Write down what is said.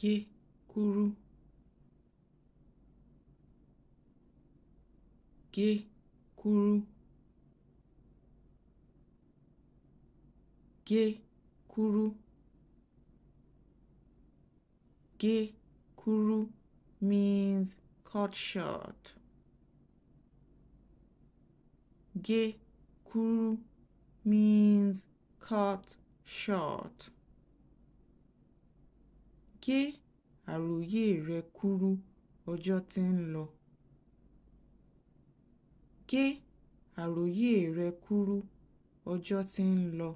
gé kúrú gé kúrú gé kúrú gé kúrú means cut short gé kúrú means cut short gé àròyé rẹ kúrú ọjọ́ tí ń lọ gé àròyé rẹ kúrú ọjọ́ tí ń lọ